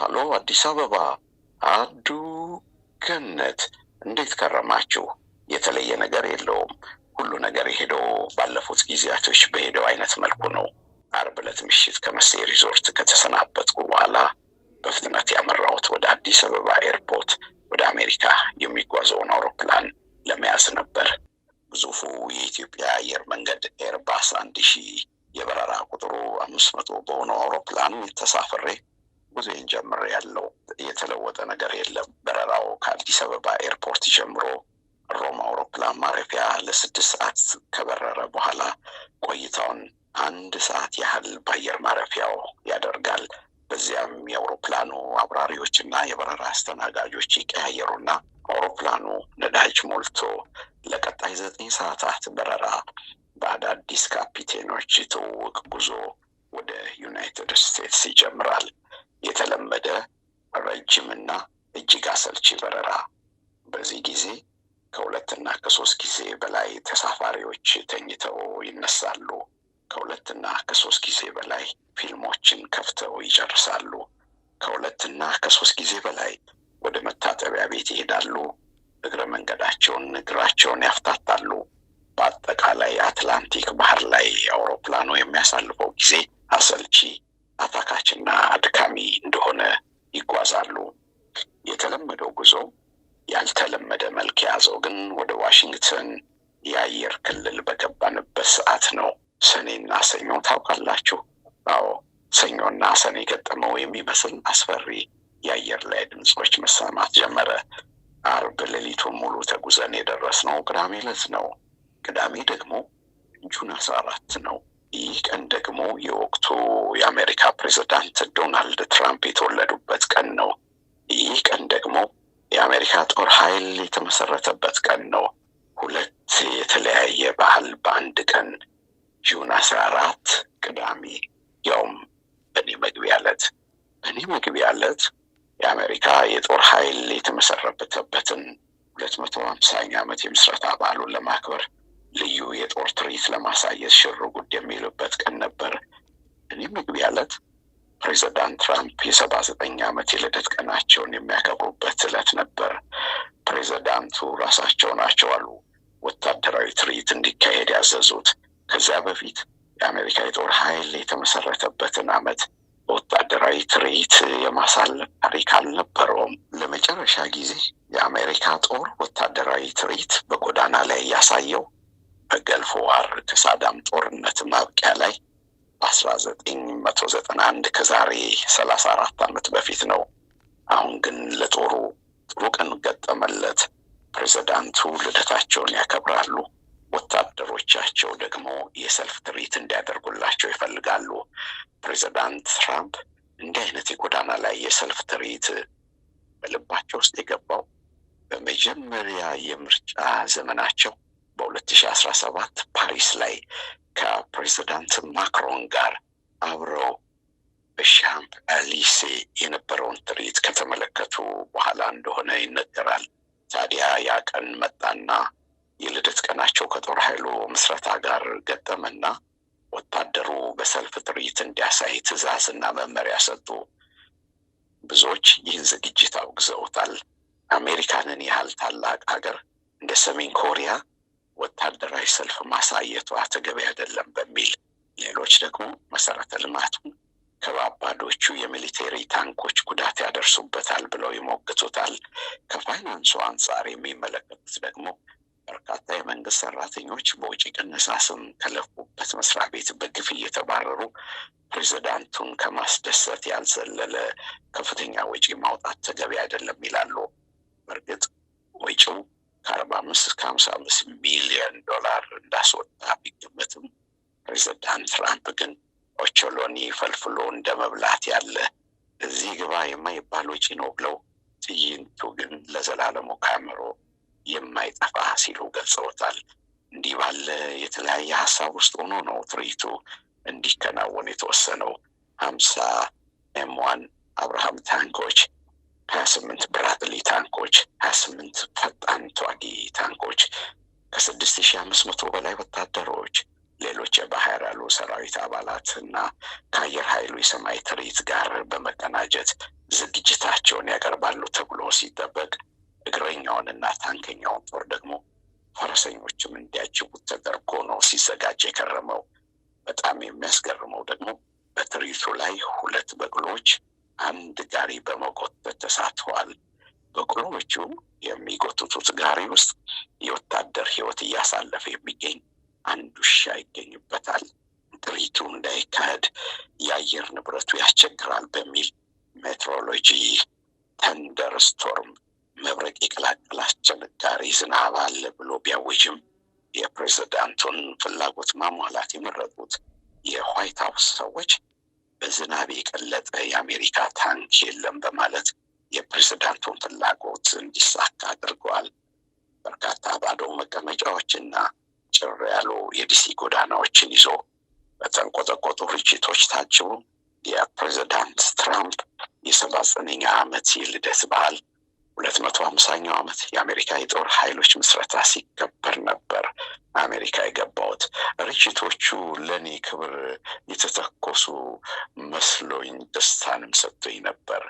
ሀሎ አዲስ አበባ አዱ ገነት እንዴት ከረማችሁ? የተለየ ነገር የለውም። ሁሉ ነገር የሄደው ባለፉት ጊዜያቶች በሄደው አይነት መልኩ ነው። አርብ ምሽት ከመሴ ሪዞርት ከተሰናበትኩ በኋላ በፍጥነት ያመራሁት ወደ አዲስ አበባ ኤርፖርት ወደ አሜሪካ የሚጓዘውን አውሮፕላን ለመያዝ ነበር። ግዙፉ የኢትዮጵያ አየር መንገድ ኤርባስ አንድ ሺህ የበረራ ቁጥሩ አምስት መቶ በሆነው አውሮፕላን ተሳፍሬ ጉዞን ጀምር ያለው የተለወጠ ነገር የለም። በረራው ከአዲስ አበባ ኤርፖርት ጀምሮ ሮም አውሮፕላን ማረፊያ ለስድስት ሰዓት ከበረረ በኋላ ቆይታውን አንድ ሰዓት ያህል በአየር ማረፊያው ያደርጋል። በዚያም የአውሮፕላኑ አብራሪዎችና የበረራ አስተናጋጆች ይቀያየሩና አውሮፕላኑ ነዳጅ ሞልቶ ለቀጣይ ዘጠኝ ሰዓታት በረራ በአዳዲስ ካፒቴኖች ትውውቅ ጉዞ ወደ ዩናይትድ ስቴትስ ይጀምራል። የተለመደ ረጅምና እጅግ አሰልቺ በረራ። በዚህ ጊዜ ከሁለትና ከሶስት ጊዜ በላይ ተሳፋሪዎች ተኝተው ይነሳሉ። ከሁለትና ከሶስት ጊዜ በላይ ፊልሞችን ከፍተው ይጨርሳሉ። ከሁለትና ከሶስት ጊዜ በላይ ወደ መታጠቢያ ቤት ይሄዳሉ። እግረ መንገዳቸውን እግራቸውን ያፍታታሉ። በአጠቃላይ አትላንቲክ ባህር ላይ አውሮፕላኑ የሚያሳልፈው ጊዜ አሰልቺ አታካችና አድካሚ እንደሆነ ይጓዛሉ። የተለመደው ጉዞ ያልተለመደ መልክ የያዘው ግን ወደ ዋሽንግተን የአየር ክልል በገባንበት ሰዓት ነው። ሰኔና ሰኞ ታውቃላችሁ? አዎ፣ ሰኞና ሰኔ ገጠመው የሚመስል አስፈሪ የአየር ላይ ድምፆች መሰማት ጀመረ። አርብ ሌሊቱን ሙሉ ተጉዘን የደረስነው ቅዳሜ ዕለት ነው። ቅዳሜ ደግሞ ጁን አስራ አራት ነው። ይህ ቀን ደግሞ የወቅቱ የአሜሪካ ፕሬዚዳንት ዶናልድ ትራምፕ የተወለዱበት ቀን ነው። ይህ ቀን ደግሞ የአሜሪካ ጦር ኃይል የተመሰረተበት ቀን ነው። ሁለት የተለያየ ባህል በአንድ ቀን ጁን አስራ አራት ቅዳሜ፣ ያውም በእኔ መግቢያ ዕለት በእኔ መግቢያ ዕለት የአሜሪካ የጦር ኃይል የተመሰረተበትን ሁለት መቶ ሀምሳኛ ዓመት የምስረታ በዓሉን ለማክበር ልዩ የጦር ትርኢት ለማሳየት ሽር ጉድ የሚሉበት ቀን ነበር። እኔ ምግቢ ያለት ፕሬዚዳንት ትራምፕ የሰባ ዘጠኝ ዓመት የልደት ቀናቸውን የሚያከብሩበት ዕለት ነበር። ፕሬዚዳንቱ ራሳቸው ናቸው አሉ ወታደራዊ ትርኢት እንዲካሄድ ያዘዙት። ከዚያ በፊት የአሜሪካ የጦር ኃይል የተመሰረተበትን ዓመት በወታደራዊ ትርኢት የማሳለፍ ታሪክ አልነበረውም። ለመጨረሻ ጊዜ የአሜሪካ ጦር ወታደራዊ ትርኢት በጎዳና ላይ ያሳየው በገልፎ ዋር ከሳዳም ጦርነት ማብቂያ ላይ በአስራ ዘጠኝ መቶ ዘጠና አንድ ከዛሬ ሰላሳ አራት ዓመት በፊት ነው። አሁን ግን ለጦሩ ጥሩ ቀን ገጠመለት። ፕሬዚዳንቱ ልደታቸውን ያከብራሉ። ወታደሮቻቸው ደግሞ የሰልፍ ትርኢት እንዲያደርጉላቸው ይፈልጋሉ። ፕሬዚዳንት ትራምፕ እንዲህ አይነት የጎዳና ላይ የሰልፍ ትርኢት በልባቸው ውስጥ የገባው በመጀመሪያ የምርጫ ዘመናቸው በ2017 ፓሪስ ላይ ከፕሬዚዳንት ማክሮን ጋር አብረው በሻምፕ አሊሴ የነበረውን ትርኢት ከተመለከቱ በኋላ እንደሆነ ይነገራል። ታዲያ ያ ቀን መጣና የልደት ቀናቸው ከጦር ኃይሉ ምስረታ ጋር ገጠመና ወታደሩ በሰልፍ ትርኢት እንዲያሳይ ትዕዛዝና መመሪያ ሰጡ። ብዙዎች ይህን ዝግጅት አውግዘውታል። አሜሪካንን ያህል ታላቅ ሀገር እንደ ሰሜን ኮሪያ ወታደራዊ ሰልፍ ማሳየቷ ተገቢ አይደለም በሚል ሌሎች ደግሞ መሰረተ ልማቱ ከባባዶቹ የሚሊቴሪ ታንኮች ጉዳት ያደርሱበታል ብለው ይሞግቱታል። ከፋይናንሱ አንጻር የሚመለከቱት ደግሞ በርካታ የመንግስት ሰራተኞች በውጭ ቅነሳ ስም ከለፉበት መስሪያ ቤት በግፍ እየተባረሩ ፕሬዚዳንቱን ከማስደሰት ያልዘለለ ከፍተኛ ወጪ ማውጣት ተገቢ አይደለም ይላሉ። በእርግጥ ወጪው ከአርባ አምስት እስከ ሀምሳ አምስት ሚሊዮን ዶላር እንዳስወጣ ቢገመትም ፕሬዚዳንት ትራምፕ ግን ኦቾሎኒ ፈልፍሎ እንደ መብላት ያለ እዚህ ግባ የማይባል ወጪ ነው ብለው ትዕይንቱ ግን ለዘላለሙ ካምሮ የማይጠፋ ሲሉ ገልጸውታል። እንዲህ ባለ የተለያየ ሀሳብ ውስጥ ሆኖ ነው ትርኢቱ እንዲከናወን የተወሰነው። ሀምሳ ኤም ዋን አብርሃም ታንኮች ሀያ ስምንት ብራድሊ ታንኮች፣ ሀያ ስምንት ፈጣን ተዋጊ ታንኮች፣ ከስድስት ሺህ አምስት መቶ በላይ ወታደሮች፣ ሌሎች የባህር ያሉ ሰራዊት አባላት እና ከአየር ኃይሉ የሰማይ ትርኢት ጋር በመቀናጀት ዝግጅታቸውን ያቀርባሉ ተብሎ ሲጠበቅ እግረኛውንና ታንከኛውን ጦር ህይወት እያሳለፈ የሚገኝ አንድ ውሻ ይገኝበታል። ድሪቱ እንዳይካሄድ የአየር ንብረቱ ያስቸግራል በሚል ሜትሮሎጂ ተንደር ስቶርም መብረቅ የቀላቀለ አስቸጋሪ ዝናብ አለ ብሎ ቢያውጅም የፕሬዝዳንቱን ፍላጎት ማሟላት የመረጡት የዋይት ሀውስ ሰዎች በዝናብ የቀለጠ የአሜሪካ ታንክ የለም በማለት የፕሬዝዳንቱን ፍላጎት እንዲሳካ አድርገዋል። በርካታ ባዶ መቀመጫዎችና ጭር ያሉ የዲሲ ጎዳናዎችን ይዞ በተንቆጠቆጡ ርችቶች ታጅቦ የፕሬዚዳንት ትራምፕ የሰባ ዘጠነኛ ዓመት የልደት በዓል ሁለት መቶ ሀምሳኛው ዓመት የአሜሪካ የጦር ኃይሎች ምስረታ ሲከበር ነበር አሜሪካ የገባሁት። ርችቶቹ ለእኔ ክብር የተተኮሱ መስሎኝ ደስታንም ሰጥቶኝ ነበር።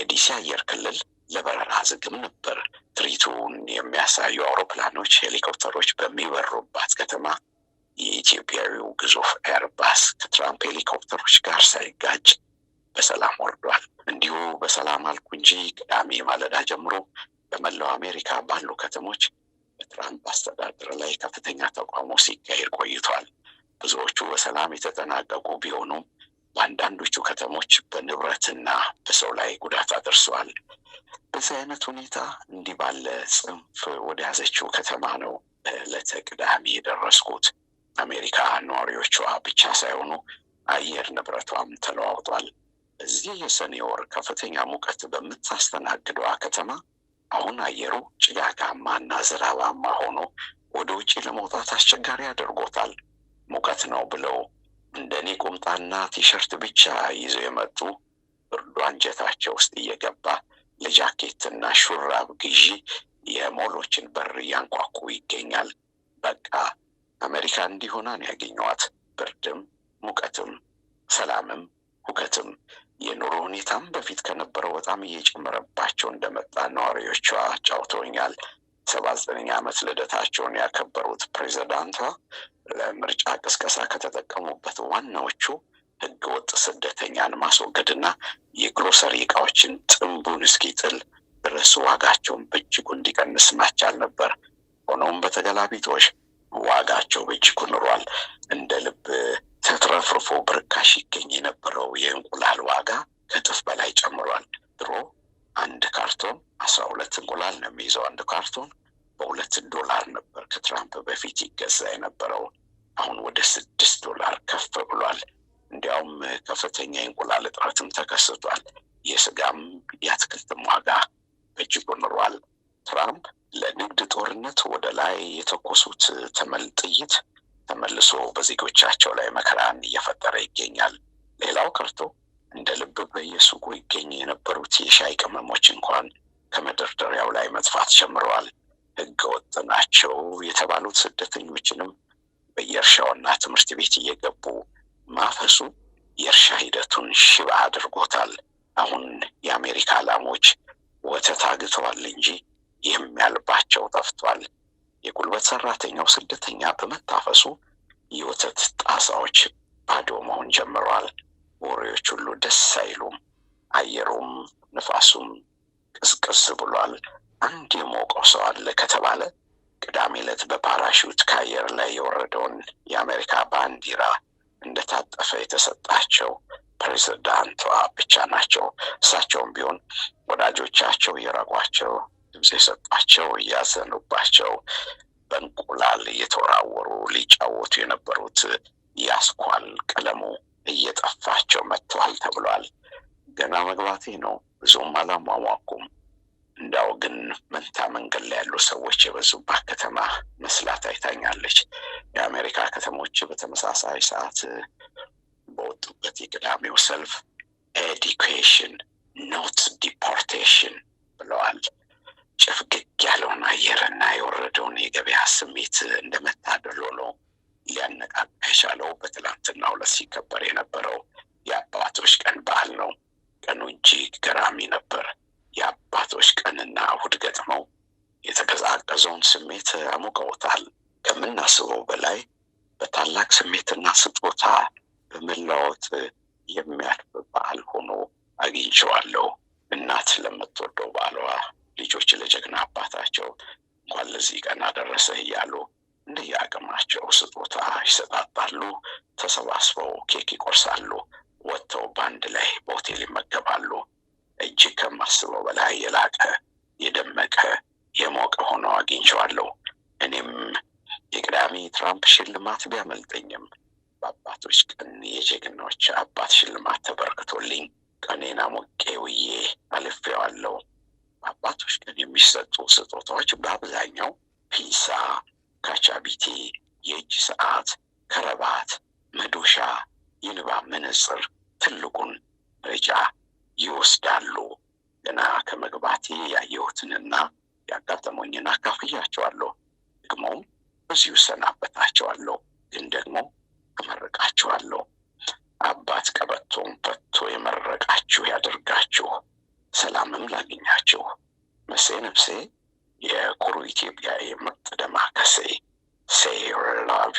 የዲሲ አየር ክልል ለበረራ ዝግም ነበር። ትርኢቱን የሚያሳዩ አውሮፕላኖች፣ ሄሊኮፕተሮች በሚበሩባት ከተማ የኢትዮጵያዊው ግዙፍ ኤርባስ ከትራምፕ ሄሊኮፕተሮች ጋር ሳይጋጭ በሰላም ወርዷል። እንዲሁ በሰላም አልኩ እንጂ ቅዳሜ ማለዳ ጀምሮ በመላው አሜሪካ ባሉ ከተሞች በትራምፕ አስተዳደር ላይ ከፍተኛ ተቃውሞ ሲካሄድ ቆይቷል። ብዙዎቹ በሰላም የተጠናቀቁ ቢሆኑም በአንዳንዶቹ ከተሞች በንብረትና በሰው ላይ ጉዳት አድርሰዋል። በዚህ አይነት ሁኔታ እንዲህ ባለ ጽንፍ ወደ ያዘችው ከተማ ነው ለተቅዳሚ ቅዳሜ የደረስኩት። አሜሪካ ነዋሪዎቿ ብቻ ሳይሆኑ አየር ንብረቷም ተለዋውጧል። እዚህ የሰኔ ወር ከፍተኛ ሙቀት በምታስተናግደዋ ከተማ አሁን አየሩ ጭጋጋማና ዝናባማ ሆኖ ወደ ውጭ ለመውጣት አስቸጋሪ አድርጎታል። ሙቀት ነው ብለው እንደ እኔ ቁምጣና ቲሸርት ብቻ ይዘው የመጡ ብርዱ አንጀታቸው ውስጥ እየገባ ለጃኬትና ሹራብ ግዢ የሞሎችን በር እያንኳኩ ይገኛል። በቃ አሜሪካ እንዲሆና ነው ያገኘዋት። ብርድም ሙቀትም ሰላምም ሁከትም የኑሮ ሁኔታም በፊት ከነበረው በጣም እየጨመረባቸው እንደመጣ ነዋሪዎቿ ጫውተውኛል። ሰባ ዘጠነኛ ዓመት ልደታቸውን ያከበሩት ፕሬዚዳንቷ ለምርጫ ቅስቀሳ ከተጠቀሙበት ዋናዎቹ ህገወጥ ስደተኛን ማስወገድና የግሮሰሪ እቃዎችን ጥንቡን እስኪጥል ድረስ ዋጋቸውን በእጅጉ እንዲቀንስ ማስቻል ነበር። ሆኖም በተገላቢጦሽ ዋጋቸው በእጅጉ ኑሯል። እንደ ልብ ተትረፍርፎ ብርካሽ ይገኝ የነበረው የእንቁላል ዋጋ ከእጥፍ በላይ ጨምሯል። ድሮ አንድ ካርቶን አስራ ሁለት እንቁላል ነው የሚይዘው። አንድ ካርቶን በሁለት ዶላር ነበር ከትራምፕ በፊት ይገዛ የነበረው። አሁን ወደ ስድስት ዶላር ከፍ ብሏል። እንዲያውም ከፍተኛ የእንቁላል እጥረትም ተከስቷል። የስጋም የአትክልትም ዋጋ በእጅጉ ኑሯል። ትራምፕ ለንግድ ጦርነት ወደ ላይ የተኮሱት ተመል ጥይት ተመልሶ በዜጎቻቸው ላይ መከራን እየፈጠረ ይገኛል። ሌላው ቀርቶ እንደ ልብ በየሱቁ ይገኝ የነበሩት የሻይ ቅመሞች እንኳን ከመደርደሪያው ላይ መጥፋት ጀምረዋል። ህገወጥ ናቸው የተባሉት ስደተኞችንም በየእርሻውና ትምህርት ቤት እየገቡ ማፈሱ የእርሻ ሂደቱን ሽባ አድርጎታል። አሁን የአሜሪካ ላሞች ወተት አግተዋል እንጂ የሚያልባቸው ጠፍቷል። የጉልበት ሰራተኛው ስደተኛ በመታፈሱ የወተት ጣሳዎች ባዶ መሆን ጀምረዋል። ወሬዎች ሁሉ ደስ አይሉም። አየሩም ንፋሱም ቅዝቅዝ ብሏል። አንድ የሞቀው ሰው አለ ከተባለ ቅዳሜ ዕለት በፓራሹት ከአየር ላይ የወረደውን የአሜሪካ ባንዲራ እንደታጠፈ የተሰጣቸው ፕሬዚዳንቷ ብቻ ናቸው። እሳቸውም ቢሆን ወዳጆቻቸው እየረጓቸው ድምፅ የሰጧቸው፣ እያዘኑባቸው በእንቁላል እየተወራወሩ ሊጫወቱ የነበሩት ያስኳል ቀለሙ እየጠፋቸው መጥተዋል ተብሏል። ገና መግባቴ ነው። ብዙም አላሟሟኩም። እንዳው ግን መንታ መንገድ ላይ ያሉ ሰዎች የበዙባት ከተማ መስላት አይታኛለች። ሰዎች በተመሳሳይ ሰዓት በወጡበት የቅዳሜው ሰልፍ ኤዲኩሽን ኖት ዲፖርቴሽን ብለዋል። ጭፍግግ ያለውን አየርና የወረደውን የገበያ ስሜት እንደመታደሎ ነው ሊያነቃቃ የቻለው በትላንትና ሁለት ሲከበር የነበረው የአባቶች ቀን በዓል ነው። ቀኑ እጅግ ገራሚ ነበር። የአባቶች ቀንና እሑድ ገጥመው የተቀዛቀዘውን ስሜት አሞቀውታል። ከምናስበው በላይ በታላቅ ስሜትና ስጦታ በመለዋወጥ የሚያልፍ በዓል ሆኖ አግኝቸዋለው እናት ለምትወደው ባሏ፣ ልጆች ለጀግና አባታቸው እንኳን ለዚህ ቀን አደረሰህ እያሉ እንደየአቅማቸው ስጦታ ይሰጣጣሉ። ተሰባስበው ኬክ ይቆርሳሉ። ወጥተው በአንድ ላይ በሆቴል ይመገባሉ። እጅግ ከማስበው በላይ የላቀ የደመቀ የሞቀ ሆኖ አግኝቸዋለሁ። እኔም የቅዳሜ ትራምፕ ሽልማት ቢያመልጠኝም በአባቶች ቀን የጀግናዎች አባት ሽልማት ተበርክቶልኝ ቀኔን አሞቄ ውዬ አልፌዋለሁ። በአባቶች ቀን የሚሰጡ ስጦታዎች በአብዛኛው ፒንሳ፣ ካቻቢቴ፣ የእጅ ሰዓት፣ ከረባት፣ መዶሻ፣ የንባብ መነጽር ትልቁን ደረጃ ይወስዳሉ። ገና ከመግባቴ ያየሁትንና ያጋጠመኝን አካፍያቸዋለሁ። ደግሞም በዚሁ እሰናበታቸዋለሁ፣ ግን ደግሞ እመርቃችኋለሁ። አባት ቀበቶን ፈቶ የመረቃችሁ ያደርጋችሁ፣ ሰላምም ላግኛችሁ። መሴ ነፍሴ የኩሩ ኢትዮጵያ የምርጥ ደማከሴ ሴር ላቪ